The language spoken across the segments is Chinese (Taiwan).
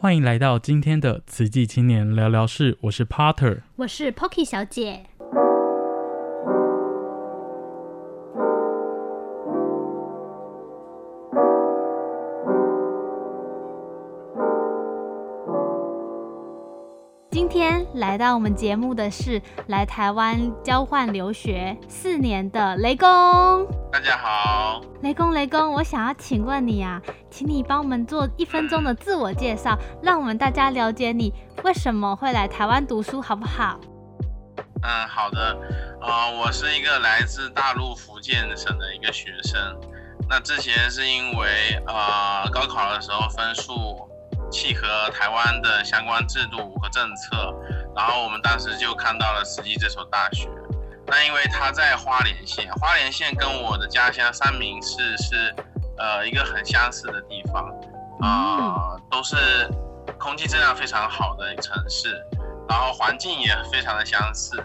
歡迎來到今天的《慈濟青年聊聊室》，我是 Potter，我是 Pocky 小姐。來到我們節目的是來台灣交換留學四年的雷公。大家好，雷公雷公，我想要請問你啊，請你幫我們做一分鐘的自我介紹，讓我們大家了解你為什麼會來台灣讀書，好不好？嗯，好的。呃，我是一個來自大陸福建省的一個學生。那之前是因為呃，高考的時候分數契合台灣的相關制度和政策。然後我們當時就看到了慈濟這所大學，那因為他在花蓮縣，花蓮縣跟我的家鄉三明市是，呃，一個很相似的地方，啊、呃，都是空氣質量非常好的城市，然後環境也非常的相似，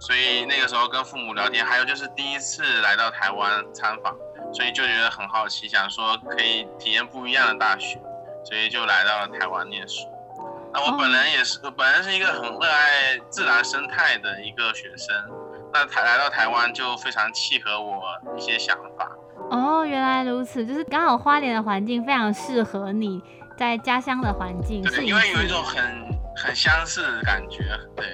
所以那個時候跟父母聊天，還有就是第一次來到台灣參訪，所以就覺得很好奇，想說可以體驗不一樣的大學，所以就來到了台灣念書。那我本人也是，哦、我本人是一個很熱愛自然生態的一個學生，那、哦、台來到台灣就非常契合我一些想法。哦，原來如此，就是剛好花蓮的環境非常適合你在家鄉的環境，對，是因為有一種很很相似的感覺。對。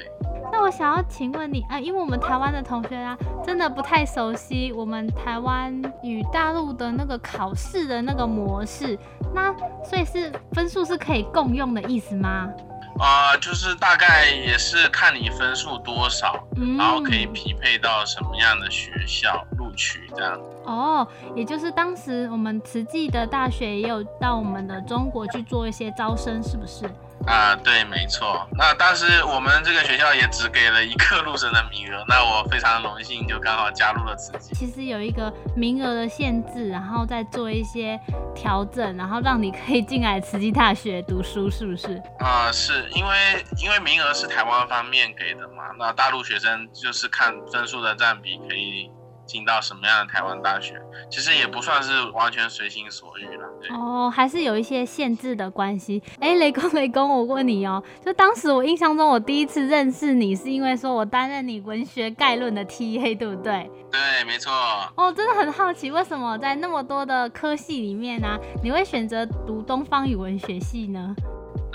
那我想要請問你啊，因為我們台灣的同學啊，真的不太熟悉我們台灣與大陸的那個考試的那個模式。那、啊、所以是分數是可以共用的意思嗎？啊、呃，就是大概也是看你分數多少，嗯，然後可以匹配到什麼樣的學校錄取這樣。哦，也就是當時我們慈濟的大學也有到我們的中國去做一些招生，是不是？啊、呃，對，沒錯。那當時我們這個學校也只給了一個陸生的名額，那我非常榮幸，就剛好加入了慈濟。其實有一個名額的限制，然後再做一些調整，然後讓你可以進來慈濟大學讀書，是不是？啊、呃，是因為因為名額是台灣方面給的嘛，那大陸學生就是看分數的佔比可以，進到什麼樣的台灣大學，其實也不算是完全隨心所欲了。哦，還是有一些限制的關係。哎、欸，雷公雷公，我問你哦、喔，就當時我印象中，我第一次認識你是因為說我擔任你文學概論的 TA，對不對？對，沒錯。哦，真的很好奇，為什麼在那麼多的科系裡面呢、啊，你會選擇讀東方語文學系呢？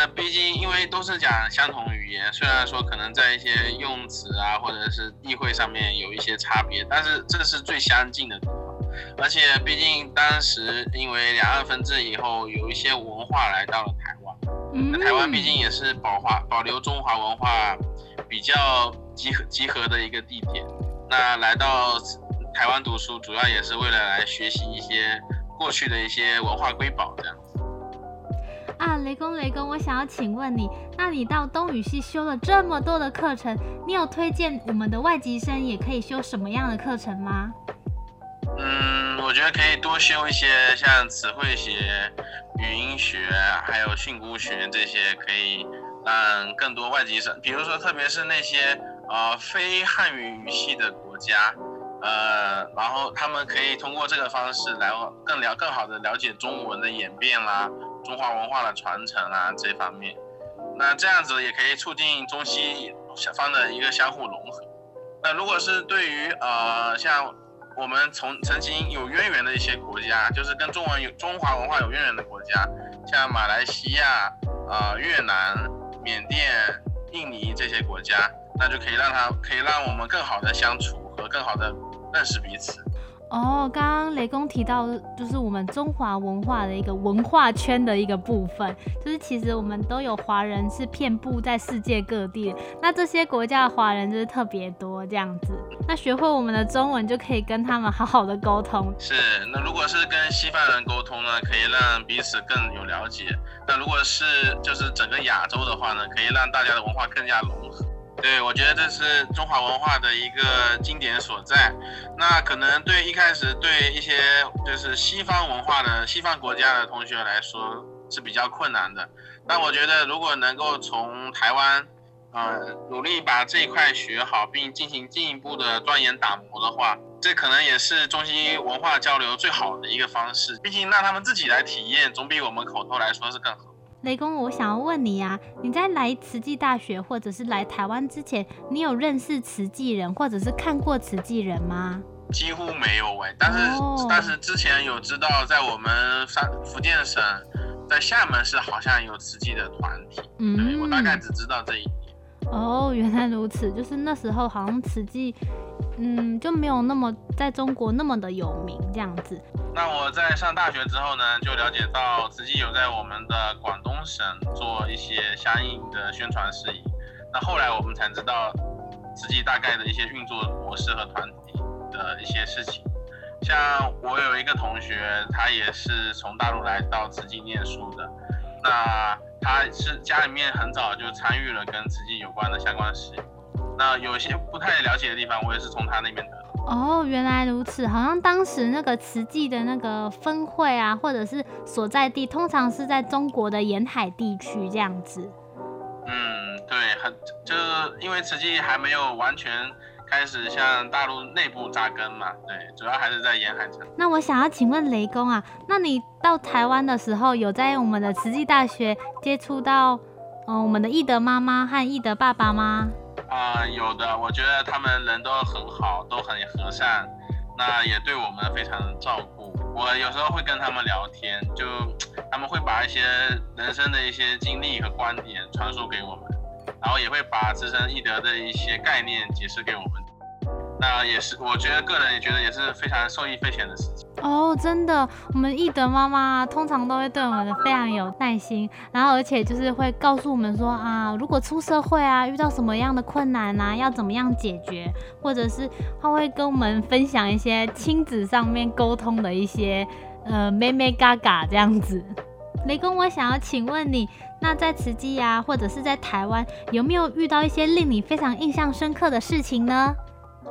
那畢竟，因為都是講相同語言，雖然說可能在一些用詞啊，或者是意會上面有一些差別，但是這是最相近的地方。而且，畢竟當時因為兩岸分治以後，有一些文化來到了台灣。嗯。那台灣畢竟也是保華，保留中華文化比較集合集合的一個地點。那來到台灣讀書，主要也是為了來學習一些過去的一些文化瑰寶這樣。啊，雷公雷公，我想要請問你，那你到東語系修了這麼多的課程，你有推薦我們的外籍生也可以修什麼樣的課程嗎？嗯，我覺得可以多修一些像詞彙學、語音學，還有訓詁學這些，可以讓更多外籍生，比如說特別是那些啊、呃、非漢語語系的國家，呃，然後他們可以通過這個方式來更了更好的了解中文的演變啦。中華文化的傳承啊，這方面，那這樣子也可以促進中西方的一個相互融合。那如果是對於呃，像我們從曾經有淵源的一些國家，就是跟中文有中華文化有淵源的國家，像馬來西亞、啊、呃、越南、緬甸、印尼這些國家，那就可以讓它可以讓我們更好的相處和更好的認識彼此。哦，剛剛雷公提到，就是我們中華文化的一個文化圈的一個部分，就是其實我們都有華人是遍布在世界各地，那這些國家的華人就是特別多這樣子。那學會我們的中文就可以跟他們好好的溝通。是，那如果是跟西方人溝通呢，可以讓彼此更有了解。那如果是就是整個亞洲的話呢，可以讓大家的文化更加融合。對，我覺得這是中華文化的一個經典所在。那可能對一開始對一些就是西方文化的西方國家的同學來說是比較困難的。但我覺得如果能夠從台灣，呃，努力把這一塊學好，並進行進一步的鑽研打磨的話，這可能也是中西文化交流最好的一個方式。畢竟讓他們自己來體驗，總比我們口頭來說是更好。雷公，我想要問你啊，你在來慈濟大學或者是來台灣之前，你有認識慈濟人或者是看過慈濟人嗎？幾乎沒有餵、欸，但是、哦、但是之前有知道，在我們福建省，在廈門市好像有慈濟的團體，嗯，我大概只知道這一點。哦，原來如此，就是那時候好像慈濟，嗯，就沒有那麼在中國那麼的有名這樣子。那我在上大學之後呢，就了解到慈濟有在我們的廣東省做一些相應的宣傳事宜。那後來我們才知道慈濟大概的一些運作模式和團體的一些事情。像我有一個同學，他也是從大陸來到慈濟念書的，那他是家裡面很早就參與了跟慈濟有關的相關事宜，那有些不太了解的地方，我也是從他那邊得。哦，原來如此。好像當時那個慈濟的那個分會啊，或者是所在地，通常是在中國的沿海地區這樣子。嗯，對，很就是因為慈濟還沒有完全開始向大陸內部扎根嘛。對，主要還是在沿海城。那我想要請問雷公啊，那你到台灣的時候，有在我們的慈濟大學接觸到嗯、呃、我們的懿德媽媽和懿德爸爸嗎？啊、呃，有的，我覺得他們人都很好，都很和善，那也對我們非常的照顧。我有時候會跟他們聊天，就他們會把一些人生的一些經歷和觀點傳輸給我們，然後也會把自身易德的一些概念解釋給我們。那也是，我覺得個人也覺得也是非常受益匪淺的事情。哦、oh，真的，我們懿德媽媽通常都會對我們的非常有耐心，然後而且就是會告訴我們說啊，如果出社會啊，遇到什麼樣的困難啊，要怎麼樣解決，或者是她會跟我們分享一些親子上面溝通的一些呃妹妹嘎嘎這樣子。雷公，我想要請問你，那在慈濟啊，或者是在台灣，有沒有遇到一些令你非常印象深刻的事情呢？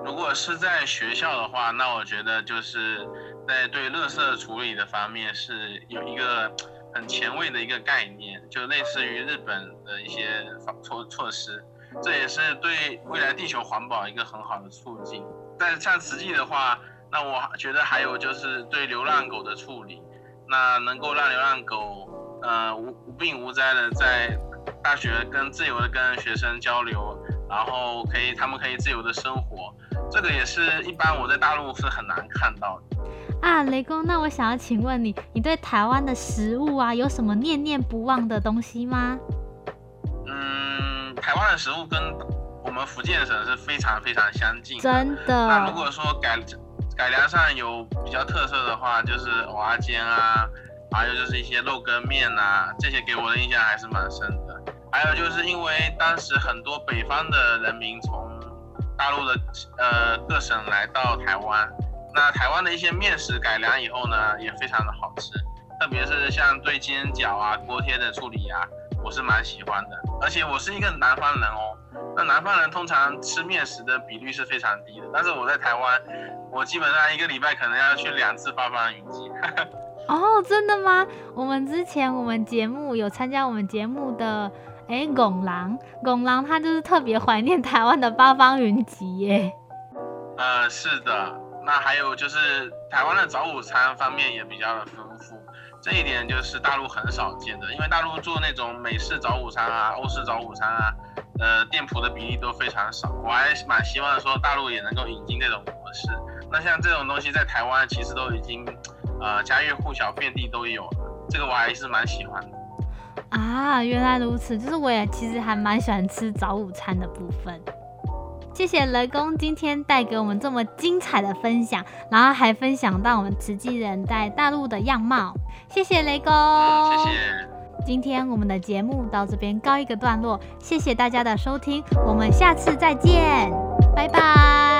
如果是在學校的話，那我覺得就是在對垃圾處理的方面是有一個很前衛的一個概念，就類似於日本的一些措措施，這也是對未來地球環保一個很好的促進。但是像實際的話，那我覺得還有就是對流浪狗的處理，那能夠讓流浪狗呃無無病無災的在大學更自由的跟學生交流。然後可以，他們可以自由的生活，這個也是一般我在大陸是很難看到的。啊，雷公，那我想要請問你，你對台灣的食物啊，有什麼念念不忘的東西嗎？嗯，台灣的食物跟我們福建省是非常非常相近的。真的？那、啊、如果說改改良上有比較特色的話，就是蚵仔煎啊，還有就是一些肉羹麵吶、啊，這些給我的印象還是蠻深的。還有就是因為當時很多北方的人民從大陸的呃各省來到台灣，那台灣的一些麵食改良以後呢，也非常的好吃，特別是像對煎餃啊、鍋貼的處理呀、啊，我是蠻喜歡的。而且我是一個南方人哦，那南方人通常吃麵食的比率是非常低的，但是我在台灣，我基本上一個禮拜可能要去兩次八方雲集哈哈。哦，真的嗎？我們之前，我們節目有參加我們節目的。誒、欸，拱廊拱廊，他就是特別懷念台灣的八方雲集耶。呃，是的，那還有就是台灣的早午餐方面也比較的豐富，這一點就是大陸很少見的，因為大陸做那種美式早午餐啊、歐式早午餐啊，呃，店鋪的比例都非常少。我還是蠻希望說大陸也能夠引進這種模式。那像這種東西在台灣其實都已經呃家喻戶曉，遍地都有了，這個我還是蠻喜歡的。啊，原來如此，就是我也其實還蠻喜歡吃早午餐的部分。謝謝雷公今天帶給我們這麼精彩的分享，然後還分享到我們慈濟人在大陸的樣貌。謝謝雷公，嗯，謝謝。今天我們的節目到這邊告一個段落，謝謝大家的收聽，我們下次再見，拜拜。